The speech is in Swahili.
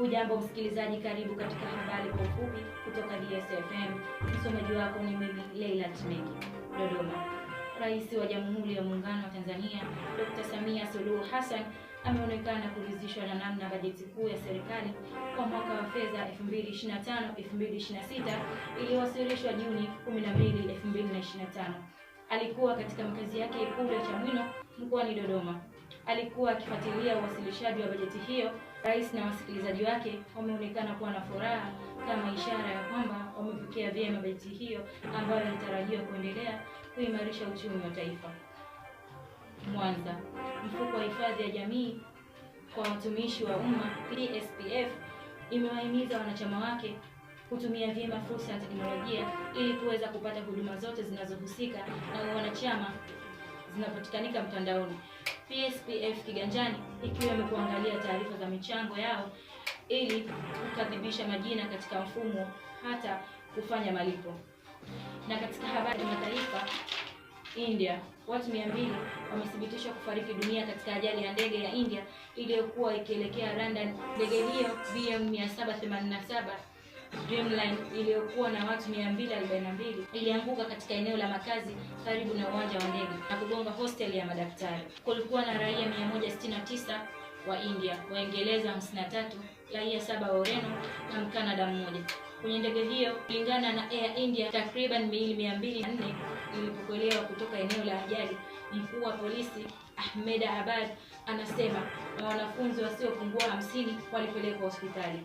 Hujambo msikilizaji, karibu katika habari kwa ufupi kutoka DSFM. Msomaji wako ni mimi Leila Chimeki. Dodoma, Rais wa Jamhuri ya Muungano wa Tanzania Dr. Samia Suluhu Hassan ameonekana kuridhishwa na namna bajeti kuu ya serikali kwa mwaka wa fedha 2025-2026 iliyowasilishwa Juni 12, 2025. Alikuwa katika makazi yake Ikulu ya Chamwino mkoani Dodoma alikuwa akifuatilia uwasilishaji wa bajeti hiyo. Rais na wasikilizaji wake wameonekana kuwa na furaha kama ishara ya kwamba wamepokea vyema bajeti hiyo ambayo inatarajiwa kuendelea kuimarisha uchumi wa taifa. Mwanza, mfuko wa hifadhi ya jamii kwa watumishi wa umma PSPF imewahimiza wanachama wake kutumia vyema fursa ya teknolojia ili kuweza kupata huduma zote zinazohusika na wanachama zinapatikanika mtandaoni. PSPF kiganjani ikiwemo kuangalia taarifa za michango yao ili kukadhibisha majina katika mfumo hata kufanya malipo. Na katika habari za mataifa, India, watu 200 wamethibitishwa kufariki dunia katika ajali ya ndege ya India iliyokuwa ikielekea London. Ndege hiyo BM 787 Dreamline iliyokuwa na watu 242 ilianguka katika eneo la makazi karibu na uwanja wa ndege na kugonga hosteli ya madaktari. Kulikuwa na raia 169 wa India, Waingereza 53, raia saba wa Ureno na Mkanada mmoja. Kwenye ndege hiyo, kulingana na Air India, takriban miili 204 ilipokelewa kutoka eneo la ajali. Mkuu wa polisi Ahmed Abad anasema na wanafunzi wasiopungua hamsini walipelekwa hospitali.